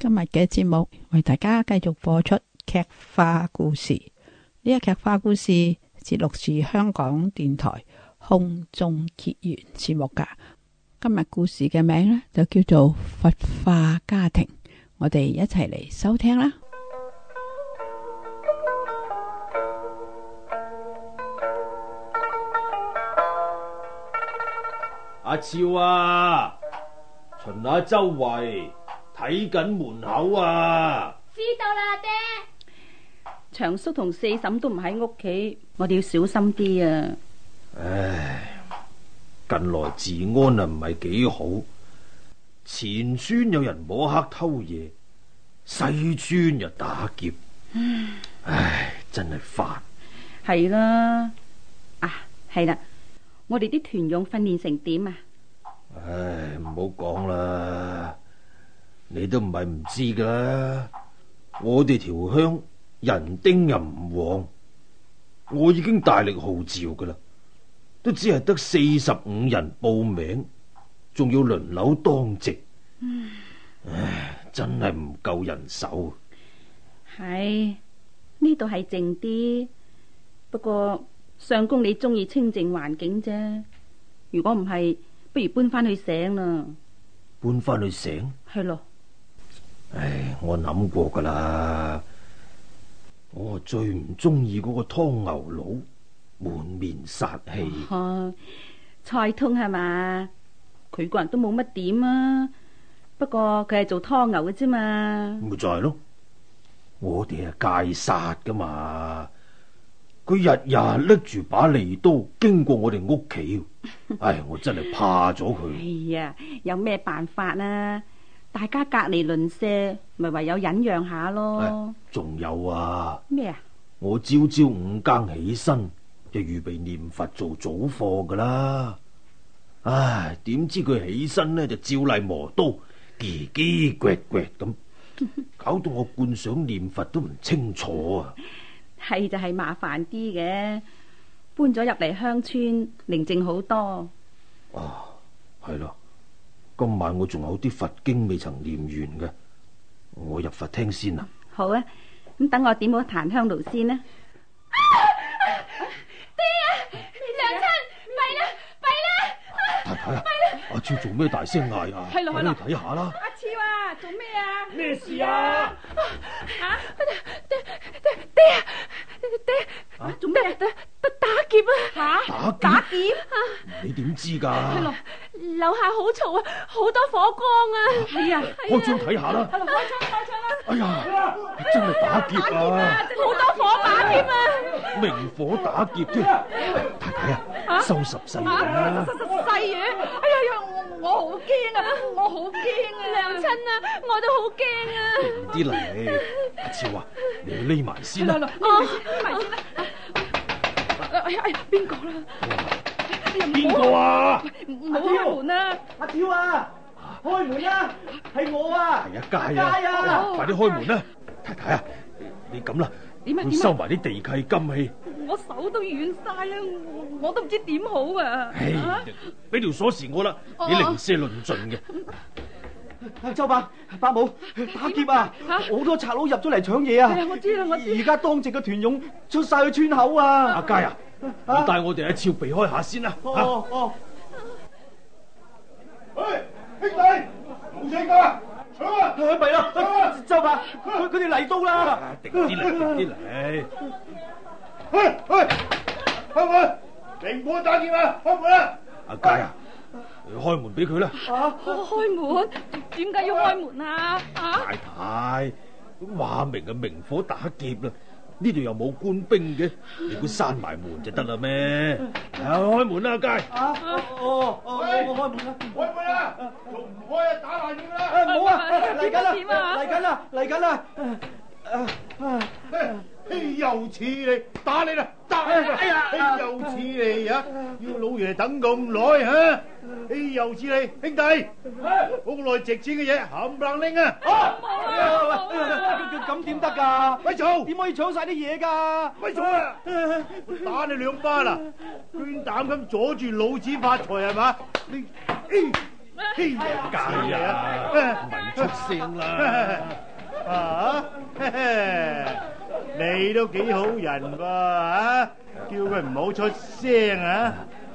今日嘅節目為大家繼續播出劇化故事，呢個劇化故事節錄自香港電台空中結緣節目噶。今日故事嘅名呢，就叫做《佛化家庭》，我哋一齊嚟收聽啦。阿超啊，巡下周圍。睇緊門口啊！知道啦，爹。長叔同四嬸都唔喺屋企，我哋要小心啲啊！唉，近來治安啊唔係幾好，前村有人摸黑偷嘢，西村又打劫，唉，真係煩。係啦、 啊，啊，係啦、啊，我哋啲團勇訓練成點啊？唉，唔好講啦。你都唔係唔知噶啦，我哋條鄉人丁又唔旺，我已經大力號召噶啦，都只係得四十五人報名，仲要輪流當值，嗯、唉，真係唔夠人手。係呢度係靜啲，不過相公你中意清靜環境啫。如果唔係，不如搬翻去醒啦。搬翻去醒，係咯。唉，我諗過噶啦，我最唔中意嗰個湯牛佬，滿面殺氣。蔡、啊、通係嘛？佢個人都冇乜點啊，不過佢係做湯牛嘅啫嘛。咪就係咯，我哋係戒殺噶嘛，佢日日拎住把利刀經過我哋屋企，唉，我真係怕咗佢。哎 呀，有咩辦法啊？大家隔籬鄰舍，咪唯有忍讓下咯。仲、哎、有啊，咩啊麼？我朝朝五更起身，就預備念佛做早課㗎喇。唉、哎，點知佢起身呢就照例磨刀，嘰嘰刮刮咁，搞到我觀想念佛都唔清楚啊！係 就係麻煩啲嘅，搬咗入嚟鄉村，寧靜好多。哦，係咯。今晚我仲有啲佛經未曾念完嘅，我入佛廳先啊。好啊，咁等我點好檀香爐先啦、啊啊。爹啊，娘親，弊啦，弊啦、啊。太太啊，阿超做咩大聲嗌啊？係咯，睇下啦。阿超啊，做咩啊？咩事啊，啊，啊，啊，啊，啊，啊？啊！爹爹啊！爹！做咩？打打劫啊！吓，打劫啊！你點知噶？係咯，樓下好嘈啊，好多火光啊！係啊，開窗睇下啦！開窗，開窗啦！哎呀，真係打劫啊！好多火把添啊！明火打劫添！太太啊，收拾細軟啦！收拾細軟！哎呀呀，我我好驚啊！我好驚啊！娘親啊，我都好驚啊！慢啲嚟，阿超啊，你匿埋先啦！我匿埋啲啦。哎呀哎呀，邊個啦？邊個啊？唔好開門啊！阿超啊，開門啊，係我啊，係阿佳啊，快啲開門啊！太太啊，你咁啦，要收埋啲地契金器，我手都軟晒啦，我都唔知點好啊！哎，俾條鎖匙我啦，你零舍論盡嘅。周伯伯母，打劫啊！好多賊佬入咗嚟搶嘢啊！我知啦，我知而家當值嘅團勇出晒去村口啊。阿佳啊，你帶我哋一次避開下先啊。哦哦，兄弟冇事㗎係咪啊？周伯，佢哋嚟到喇，定啲嚟，定啲嚟，開門定，唔好去打劫啊！開門啊！阿佳啊！ 開門俾佢啦！啊啊、開開門？點解要開門喂啊？太太，話明啊明火打劫啦！呢度又冇官兵嘅，你估閂埋門就得啦咩？開門啦，阿佳、啊！啊哦、啊、喂，開門啦，開門啦！仲唔開啊？打爛點啦！啊唔好啊，嚟緊啦，嚟緊啦，嚟緊啦！啊又似你打你啦！打！哎呀，又似你啊！要老爺等咁耐吓？又似你，兄弟，好耐值錢嘅嘢冚唪唥拎啊！啊！喂喂喂，咁點得噶？威嘈！點可以搶晒啲嘢噶？威嘈啊！打你兩巴啦！膽敢阻住老子發財係嘛？你，嘿，假呀！咪出聲啦！啊！你都幾好人噃啊！叫佢唔好出聲啊！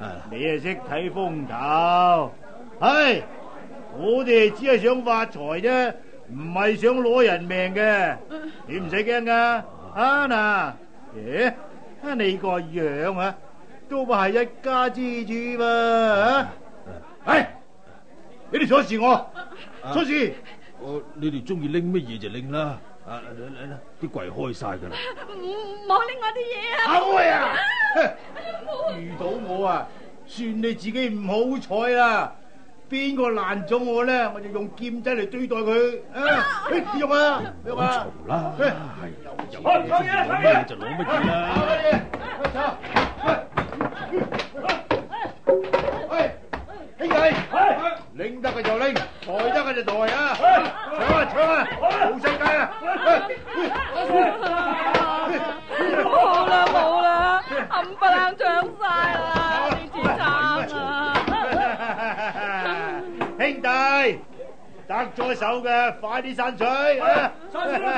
啊啊你啊識睇風頭，唉、哎，我哋只係想發財啫，唔係想攞人命嘅。你唔使驚噶。啊嗱，誒，你個樣啊，都唔係一家之主噃啊！啊啊啊哎，你哋阻住我阻住、啊，我你哋中意拎乜嘢就拎啦、啊。啊！啲櫃開晒噶啦，唔好拎我啲嘢啊！阿威啊，遇到我啊，算你自己唔好彩啦。邊個爛咗我咧，我就用劍仔嚟對待佢啊！喐啊，喐啊，好啦，係又又唔掂咧，就攞乜嘢啦？拎得佢就拎，抬得佢就抬啊！搶啊搶啊，冇爭計啊！好啦好啦，冚唪冷搶晒啦，呢次慘啊！兄弟，得咗手嘅快啲散水啊！散水啦！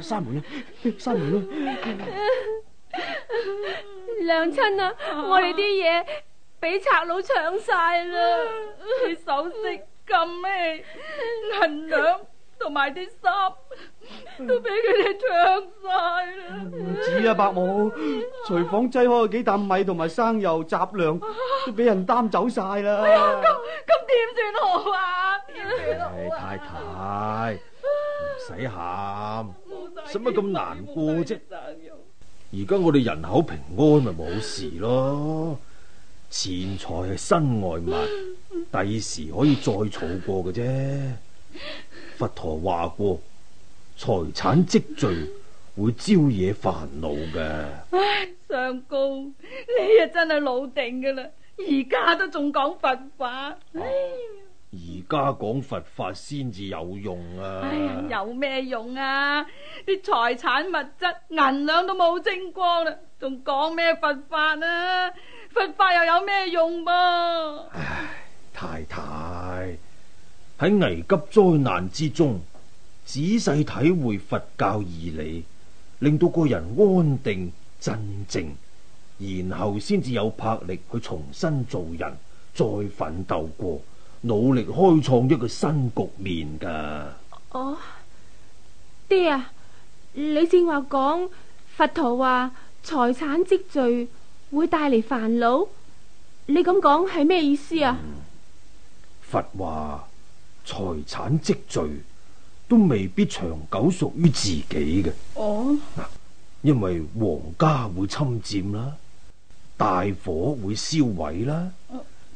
散門啦，散門啦！娘親啊，我哋啲嘢俾賊佬搶晒啦！首飾，咁咩？銀兩同埋啲衫都俾佢哋搶晒啦！唔止啊，伯母，廚房擠開幾啖米同埋生油雜糧都俾人擔走晒啦！咁咁點算好啊，啊？太太，唔使喊，使乜咁難過啫？而家我哋人口平安咪冇事咯，錢財係身外物，第時可以再儲過嘅啫。佛陀話過，啊，財產積聚會招惹煩惱嘅。相公，你啊真係老定噶啦，而家都仲講佛法。而家講佛法先至有用啊！有咩用啊？啲財產物質銀兩都冇精光啦，仲講咩佛法啊？佛法又有咩用噃、啊？唉，太太喺危急災難之中，仔細體會佛教義理，令到個人安定、鎮靜，然後先至有魄力去重新做人，再奮鬥過。努力開創一個新局面噶。哦，爹啊，你正話講佛陀話財產積聚會帶嚟煩惱，你咁講係咩意思啊？嗯，佛話財產積聚都未必長久屬於自己嘅。哦，因為皇家會侵佔啦，大火會燒毀啦。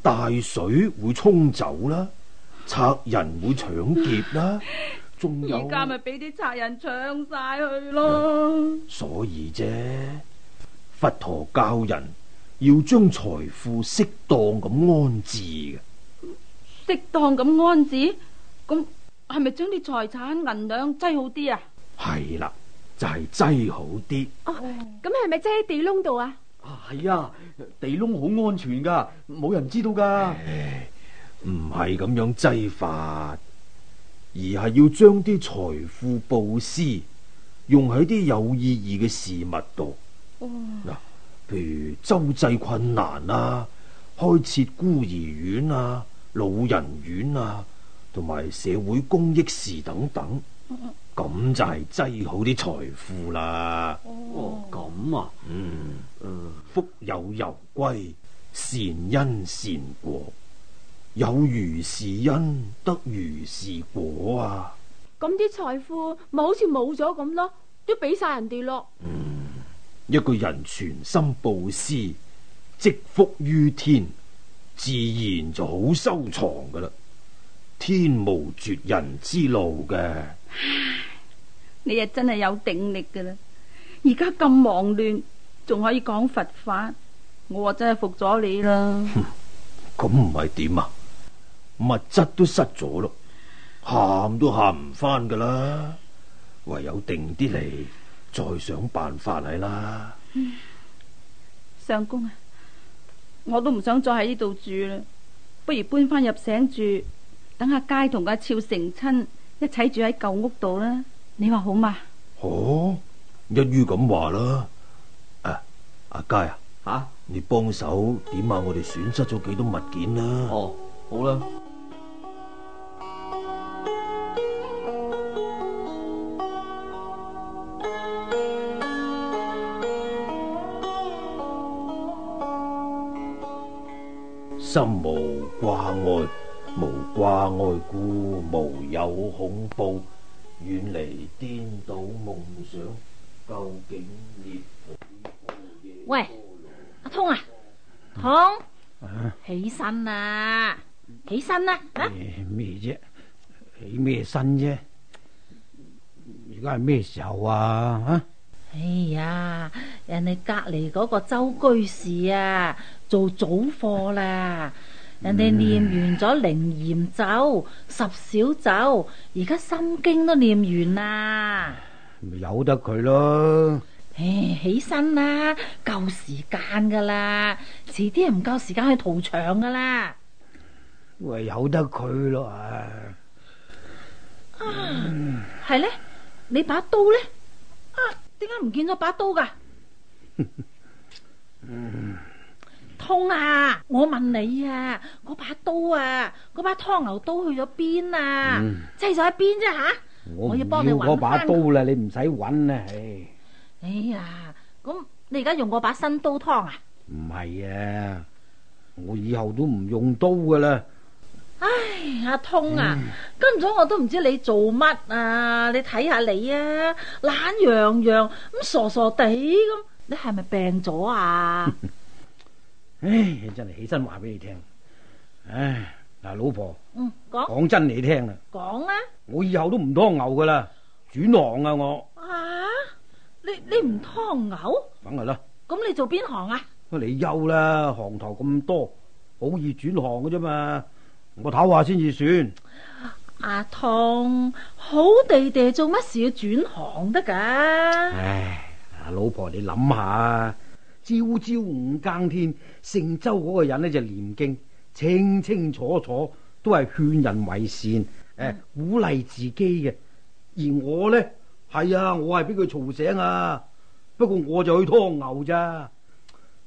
大水會沖走啦，賊人會搶劫啦，仲有而家咪俾啲賊人搶晒去咯、嗯。所以啫，佛陀教人要將財富適當咁安置嘅，適當咁安置，咁係咪將啲財產銀兩擠好啲啊？係啦，就係、是、擠好啲。哦，咁係咪擠喺地窿度啊？係啊，啊，地窿好安全噶，冇人知道噶。唔係咁樣制法，而係要將啲財富布施用喺啲有意義嘅事物度。嗱、嗯，譬如周濟困難啊，開設孤兒院啊、老人院啊，同埋社會公益事等等。嗯咁就係擠好啲財富啦。哦，咁啊嗯。嗯，福有攸歸，善因善果，有如是因得如是果啊。咁啲財富咪好似冇咗咁咯，都俾晒人哋咯。嗯，一個人全心布施，積福於天，自然就好收藏噶啦。天無絕人之路嘅。 你又真係有定力噶啦！而家咁忙亂，仲可以講佛法，我話真係服咗你啦。哼，咁唔係點啊？物質都失咗咯，喊都喊唔翻噶啦，唯有定啲嚟，再想辦法嚟啦。相公啊，我都唔想再喺呢度住啦，不如搬翻入省住，等阿佳同阿俏成親，一齊住喺舊屋度啦。你話好嗎？好，一於咁話啦。啊，阿佳啊，吓，你幫手點下我哋損失咗幾多物件啦？哦，好啦。心無掛礙，無掛礙故，無有恐怖。遠離顛倒夢想，究竟涅槃。喂，阿通啊，通，起身啦，起身啦，吓咩啫？起咩身啫？而家係咩時候啊？吓，哎呀，人哋隔籬嗰個周居士啊，做早課啦。人哋念完咗楞嚴咒、十小咒，而家心經都念完啦，由得佢咯。唉，起身啦，夠時間噶啦，遲啲又唔夠時間去屠場噶啦。喂，由得佢咯啊！係呢？你把刀呢？啊，點解唔見咗把刀噶？ 嗯通啊！我問你啊，嗰把刀啊，嗰把湯牛刀去咗邊啊？掣咗喺邊啫吓！我要幫你揾翻。我有嗰把刀啦，你唔使揾啦，唉。哎呀，咁你而家用嗰把新刀湯啊？唔係啊，我以後都唔用刀噶啦。唉，阿通啊，跟咗我都唔知你做乜啊？你睇下你啊，懶洋洋咁傻傻地咁，你係咪病咗啊？唉，真係起身話俾你聽。唉，嗱，老婆，嗯，講講真你聽啦，講啦，我以後都唔拖牛噶啦，轉行啊我。啊？你你唔拖牛？梗係啦。咁你做邊行啊？我嚟休啦，行頭咁多，好易轉行噶啫嘛，我唞下先至算。阿湯，好地地做乜事要轉行得噶？唉，阿老婆你諗下啊。朝朝五更天，姓周嗰個人呢就念經，清清楚楚都係勸人為善，誒、嗯、鼓勵自己嘅。而我呢，係啊，我係俾佢嘈醒啊。不過我就去拖牛咋？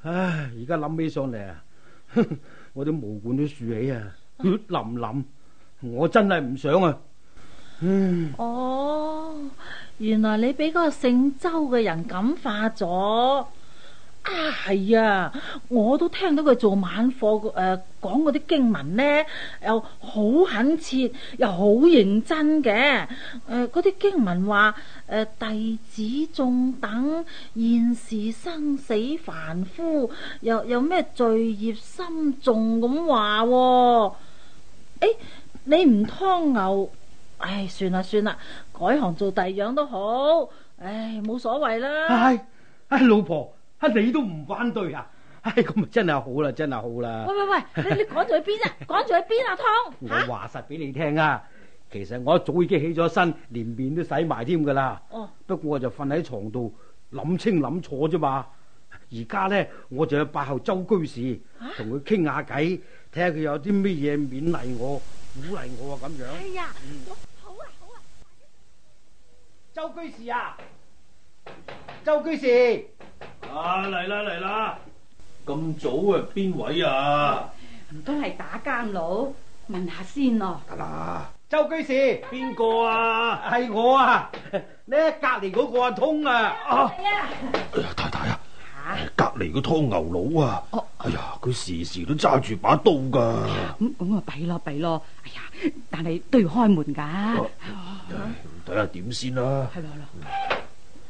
唉，而家諗起上嚟啊，我啲毛管都豎起啊，血淋淋，我真係唔想啊。嗯，哦，原來你俾嗰個姓周嘅人感化咗。啊，係啊！我都聽到佢做晚課誒、呃，講嗰啲經文呢，又好懇切，又好認真嘅。誒、呃，嗰啲經文話誒、呃，弟子眾等現時生死凡夫，又，又有咩罪孽深重咁話、啊？誒，你唔劏牛，唉、哎，算啦算啦，改行做第二樣都好，唉、哎，冇所謂啦。唉、哎哎，老婆。你都唔反對啊？唉，咁咪真係好啦，真係好啦！喂喂喂，你你趕住去邊啊？趕住去邊啊？湯，我話實俾你聽啊，其實我一早已經起咗身，連面都洗埋添噶啦。哦，不過我就瞓喺床度諗清諗錯啫嘛。而家呢，我就去八號周居士同佢傾下偈，睇下佢有啲咩嘢勉勵我、鼓勵我啊咁樣。哎呀，好啊，好啊，周居士啊，周居士。啊！嚟啦嚟啦！咁早啊，邊位啊？唔通，係打更佬，問下先咯、啊。得啦了。周居士，邊個啊？係我啊！呢隔籬嗰個啊，阿通啊！啊、哎呀！太太啊！湯哎、時時啊！隔籬個湯牛佬啊！哎呀，佢時時都揸住把刀噶。咁咁啊，弊咯弊咯！哎呀，但係都要開門噶。睇下點先啦。係咯咯。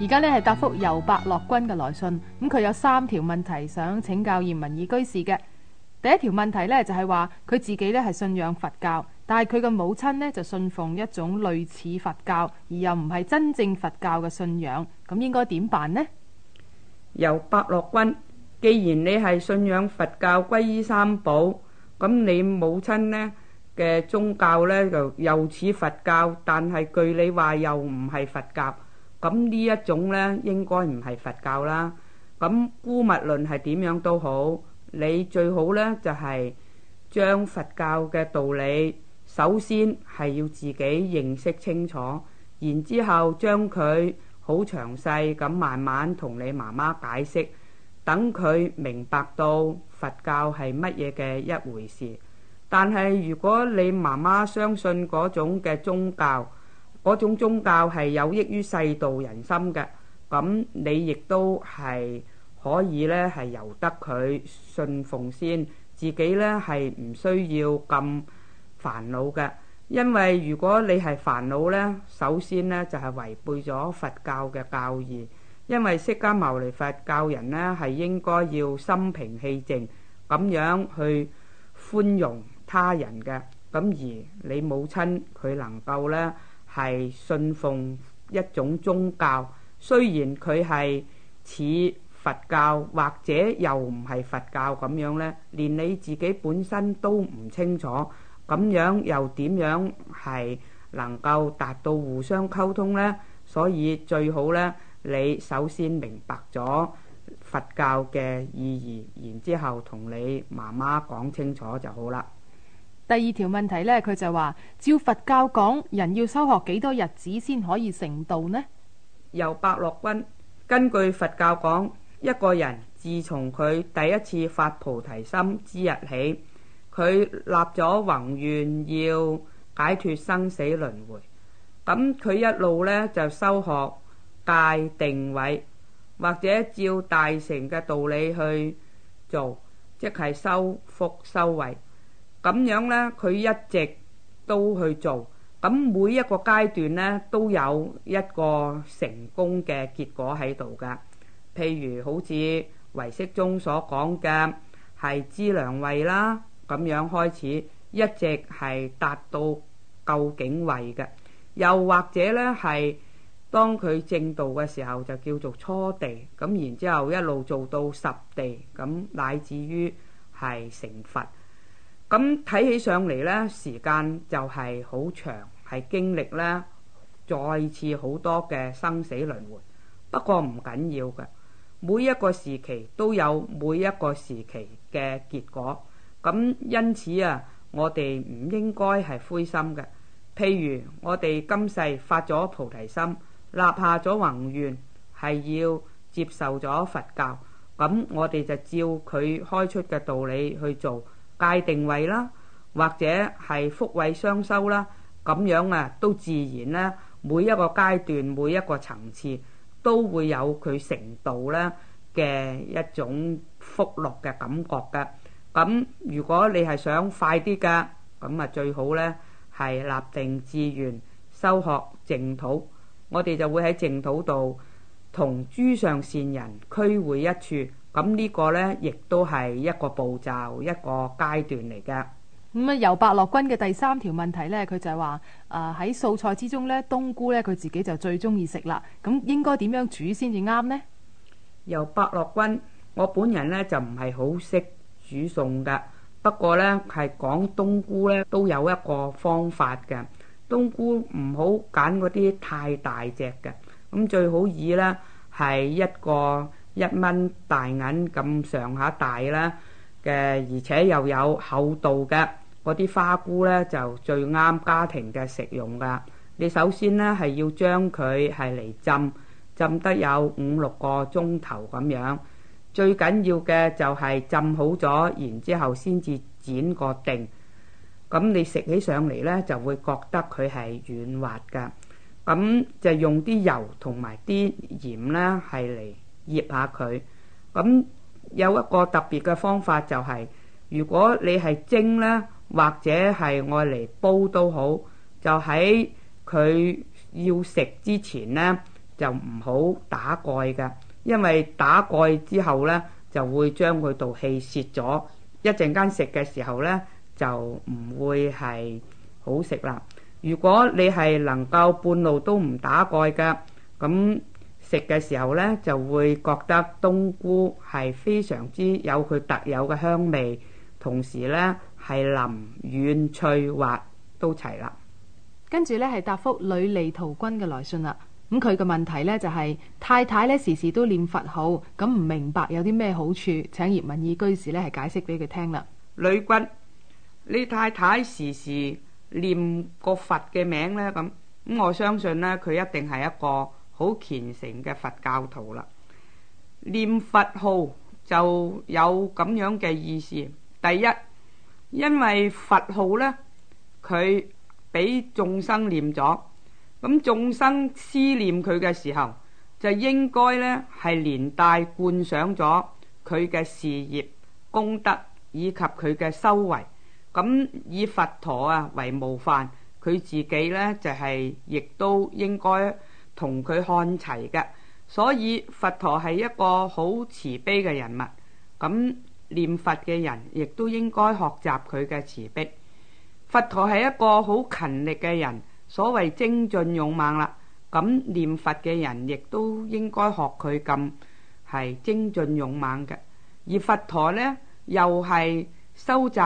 而家呢，係答覆由伯樂君嘅來信，咁佢有三條問題想請教葉文意居士嘅。第一條問題呢，就係話佢自己呢係信仰佛教，但係佢嘅母親呢就信奉一種類似佛教，而又唔係真正佛教嘅信仰，咁應該點辦呢？由伯樂君，既然你係信仰佛教歸，歸依三寶，咁你母親呢嘅宗教呢，就又似佛教，但係據你話又唔係佛教。咁呢一種呢，應該唔係佛教啦。咁姑勿論係點樣都好，你最好呢就係將佛教嘅道理，首先係要自己認識清楚，然之後將佢好詳細咁慢慢同你媽媽解釋，等佢明白到佛教係乜嘢嘅一回事。但係如果你媽媽相信嗰種嘅宗教，嗰種宗教係有益於世道人心嘅，咁你亦都係可以咧，係由得佢信奉先，自己咧係唔需要咁煩惱嘅。因為如果你係煩惱咧，首先咧就係違背咗佛教嘅教義，因為釋迦牟尼佛教人咧係應該要心平氣靜咁樣去寬容他人嘅。咁而你母親佢能夠咧，係信奉一種宗教，雖然佢係似佛教或者又唔係佛教咁樣呢，連你自己本身都唔清楚，咁樣又點樣係能夠達到互相溝通呢？所以最好呢，你首先明白咗佛教嘅意義，然之後同你媽媽講清楚就好啦。第二條問題呢，佢就話：照佛教講，人要修學幾多日子先可以成道呢？由白樂君根據佛教講，一個人自從佢第一次發菩提心之日起，佢立咗宏願要解脱生死輪回。咁佢一路呢，就修學、戒、定、慧，或者照大乘嘅道理去做，即係修福修慧。咁樣呢，佢一直都去做，咁每一個階段呢，都有一個成功嘅結果喺度噶。譬如好似唯識中所講嘅，係資糧位啦，咁樣開始，一直係達到究竟位嘅。又或者呢，係當佢正道嘅時候，就叫做初地，咁然之後一路做到十地，咁乃至於係成佛。咁睇起上嚟呢，時間就係好長，係經歷呢，再次好多嘅生死輪迴。不過唔緊要嘅，每一個時期都有每一個時期嘅結果。咁因此啊，我哋唔應該係灰心嘅。譬如我哋今世發咗菩提心，立下咗宏願，係要接受咗佛教。咁我哋就照佢開出嘅道理去做。戒定慧啦，或者係福慧雙修啦，咁樣啊都自然咧、啊，每一個階段每一個層次都會有佢成度咧嘅一種福樂嘅感覺嘅。咁、嗯、如果你係想快啲噶，咁、嗯、啊最好咧係立定志願修學淨土。我哋就會喺淨土度同諸上善人俱會一處。咁呢個呢，亦都係一個步驟、一個階段嚟嘅。咁啊，由白樂君嘅第三條問題呢，佢就係話，誒、呃、喺素菜之中呢，冬菇呢，佢自己就最中意食啦。咁、嗯、應該點樣煮先至啱呢？由白樂君，我本人呢，就唔係好識煮餸嘅，不過呢，係講冬菇呢，都有一個方法嘅。冬菇唔好揀嗰啲太大隻嘅，咁最好以呢，係一個，一蚊大銀咁上下大啦嘅，而且又有厚度嘅嗰啲花菇呢，就最啱家庭嘅食用噶。你首先呢，係要將佢係嚟浸，浸得有五六個鐘頭咁樣。最緊要嘅就係浸好咗，然之後先至剪個定。咁你食起上嚟呢，就會覺得佢係軟滑㗎。咁就用啲油同埋啲鹽呢，係嚟。醃下佢，咁、嗯、有一個特別嘅方法就係、是，如果你係蒸呢，或者係我嚟煲都好，就喺佢要食之前呢，就唔好打蓋嘅，因為打蓋之後呢，就會將佢度氣泄咗，一陣間食嘅時候呢，就唔會係好食啦。如果你係能夠半路都唔打蓋嘅，咁、嗯。食嘅時候呢，就會覺得冬菇係非常之有佢特有嘅香味，同時呢，係淋軟，軟脆滑都齊啦。跟住呢，係答覆女利陶君嘅來信啦。咁佢嘅問題呢，就係、是、太太呢時時都念佛號，咁、嗯、唔明白有啲咩好處？請葉文義居士呢，係解釋俾佢聽啦。女君，你太太時時念個佛嘅名呢？咁咁，我相信呢，佢一定係一個，好虔誠嘅佛教徒啦，念佛號就有咁樣嘅意思。第一，因為佛號呢，佢俾眾生念咗，咁眾生思念佢嘅時候，就應該呢係連帶觀想咗佢嘅事業功德以及佢嘅修為。咁以佛陀啊為模範，佢自己呢就係亦都應該。同佢看齊嘅，所以佛陀係一個好慈悲嘅人物。咁念佛嘅人亦都應該學習佢嘅慈悲。佛陀係一個好勤力嘅人，所謂精進勇猛啦。咁念佛嘅人亦都應該學佢咁係精進勇猛嘅。而佛陀呢，又係修集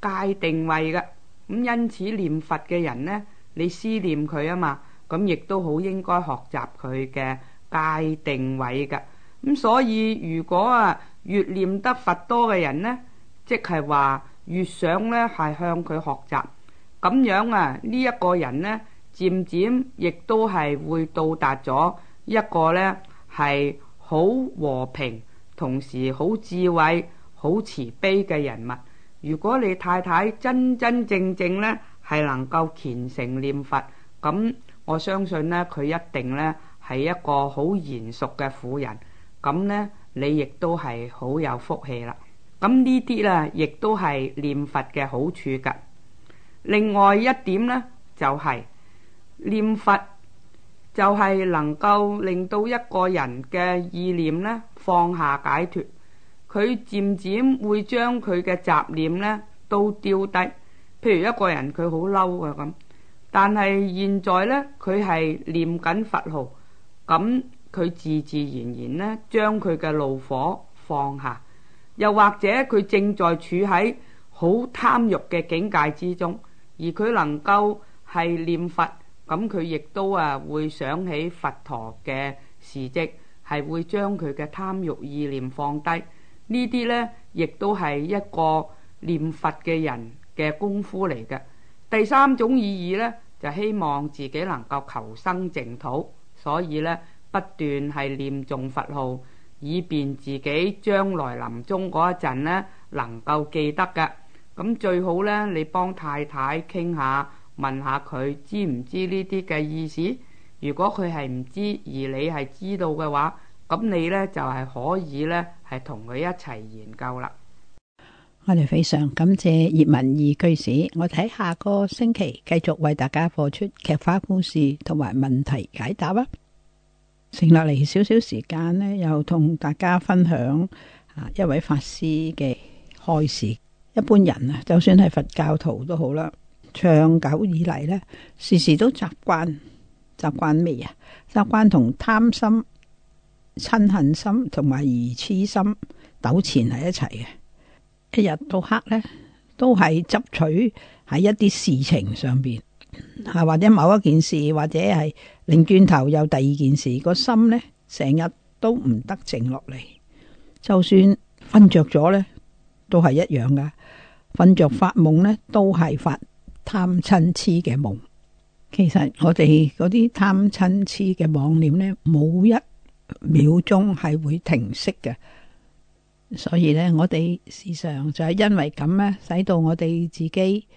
戒定慧嘅，咁因此念佛嘅人呢，你思念佢啊嘛。咁亦都好應該學習佢嘅界定位㗎。咁、嗯、所以如果啊，越念得佛多嘅人呢，即係話越想呢係向佢學習。咁樣啊，呢一個人呢，漸漸亦都係會到達咗一個呢係好和平，同時好智慧、好慈悲嘅人物。如果你太太真真正正呢係能夠虔誠念佛咁。我相信呢，佢一定呢係一個好賢淑嘅婦人。咁呢，你亦都係好有福氣啦。咁呢啲呢，亦都係念佛嘅好處噶。另外一點呢，就係念佛就係能夠令到一個人嘅意念呢，放下解脫。佢漸漸會將佢嘅雜念呢都丟低。譬如一個人佢好嬲啊咁。但係現在呢，佢係念緊佛號，咁佢自自然然咧，將佢嘅怒火放下。又或者佢正在處喺好貪欲嘅境界之中，而佢能夠係念佛，咁佢亦都啊會想起佛陀嘅事蹟，係會將佢嘅貪欲意念放低。呢啲呢，亦都係一個念佛嘅人嘅功夫嚟嘅。第三種意義呢，就希望自己能夠求生淨土，所以呢，不斷係念誦佛號，以便自己將來臨終嗰一陣呢，能夠記得㗎。咁最好呢，你幫太太傾下，問下佢知唔知呢啲嘅意思？如果佢係唔知，而你係知道嘅話，咁你呢，就係可以呢，係同佢一齊研究啦。我哋非常感謝葉文義居士，我哋喺下個星期繼續為大家播出劇化故事同埋問題解答啊！剩落嚟少少時間呢，又同大家分享啊一位法師嘅開示。一般人啊，就算係佛教徒都好啦，長久以嚟呢，時時都習慣習慣咩啊？習慣同貪心、嗔恨心同埋愚痴心糾纏喺一齊嘅。一日到黑呢，都係執取喺一啲事情上邊，啊或者某一件事，或者係擰轉頭有第二件事，個心呢，成日都唔得靜落嚟。就算瞓着咗呢，都係一樣噶。瞓着發夢呢，都係發貪嗔痴嘅夢。其實我哋嗰啲貪嗔痴嘅妄念呢，冇一秒鐘係會停息嘅。所以呢，我哋時常就係因為咁呢，使到我哋自己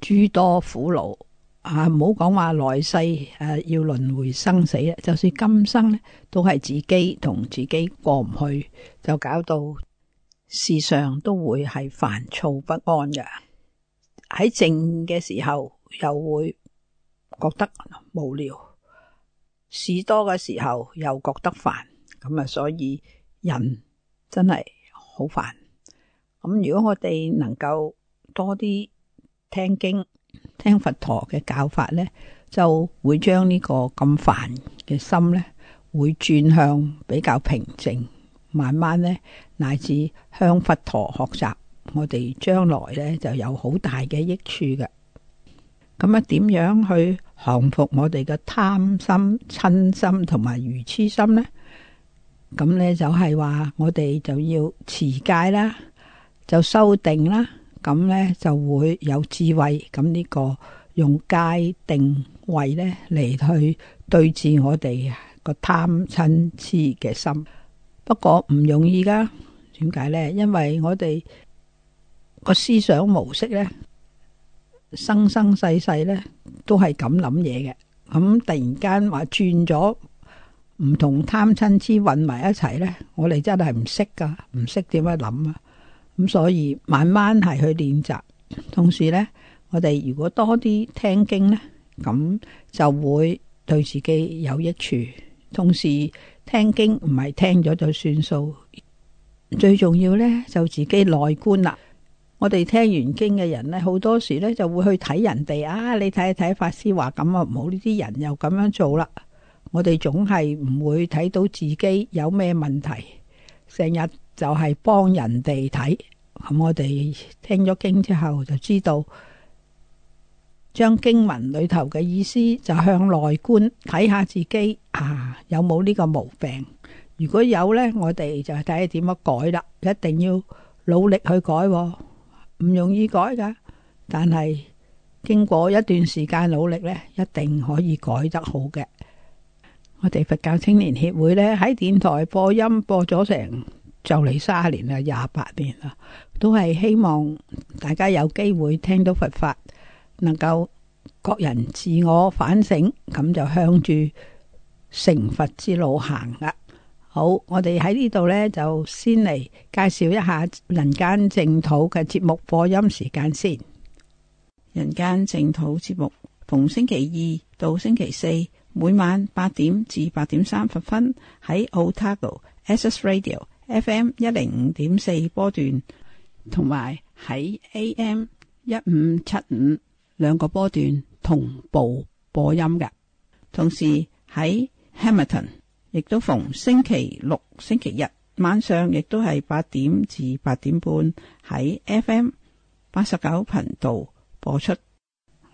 諸多苦惱啊！唔好講話來世誒要輪回生死啦，就算今生呢，都係自己同自己過唔去，就搞到時常都會係煩躁不安嘅。喺靜嘅時候又會覺得無聊，事多嘅時候又覺得煩。咁啊，所以人真係。好煩，咁如果我哋能夠多啲聽經、聽佛陀嘅教法呢，就會將呢個咁煩嘅心呢，會轉向比較平靜。慢慢呢，乃至向佛陀學習，我哋將來呢就有好大嘅益處嘅。咁啊，點樣去降伏我哋嘅貪心、嗔心同埋愚癡心呢？咁呢就係話我哋就要持戒啦，就修定啦，咁呢就會有智慧。咁呢個用戒定慧呢嚟，去對治我哋個貪嗔痴嘅心。不過唔容易噶，點解呢？因為我哋個思想模式呢，生生世世呢都係咁諗嘢嘅，咁突然間話轉咗。唔同貪嗔痴混埋一齊呢，我哋真係唔識噶，唔識點樣諗啊！咁、嗯、所以慢慢係去練習，同時呢，我哋如果多啲聽經呢，咁就會對自己有益處。同時聽經唔係聽咗就算數，最重要呢就自己內觀啦。我哋聽完經嘅人呢，好多時呢就會去睇人哋啊！你睇一睇法師話咁啊，唔好呢啲人又咁樣做啦。我哋總係唔會睇到自己有咩問題，成日就係幫人哋睇。咁我哋聽咗經之後，就知道將經文裏頭嘅意思，就向內觀睇下自己啊，有冇呢個毛病？如果有呢，我哋就睇下點樣改啦。一定要努力去改，唔容易改噶。但係經過一段時間努力呢，一定可以改得好嘅。我哋佛教青年協會咧，喺電台播音播咗成就嚟三年啦，廿八年啦，都係希望大家有機會聽到佛法，能夠各人自我反省，咁就向住成佛之路行啊。好，我哋喺呢度呢，就先嚟介紹一下人間正土嘅節目播音時間先。人間正土節目逢星期二到星期四。每晚八點至八點三十分喺 Otago SS Radio FM 一零五點四波段，同埋喺 AM 一五七五兩個波段同步播音嘅。同時喺 Hamilton，亦都逢星期六、星期日晚上，亦都係八點至八點半喺 FM 八十九頻道播出。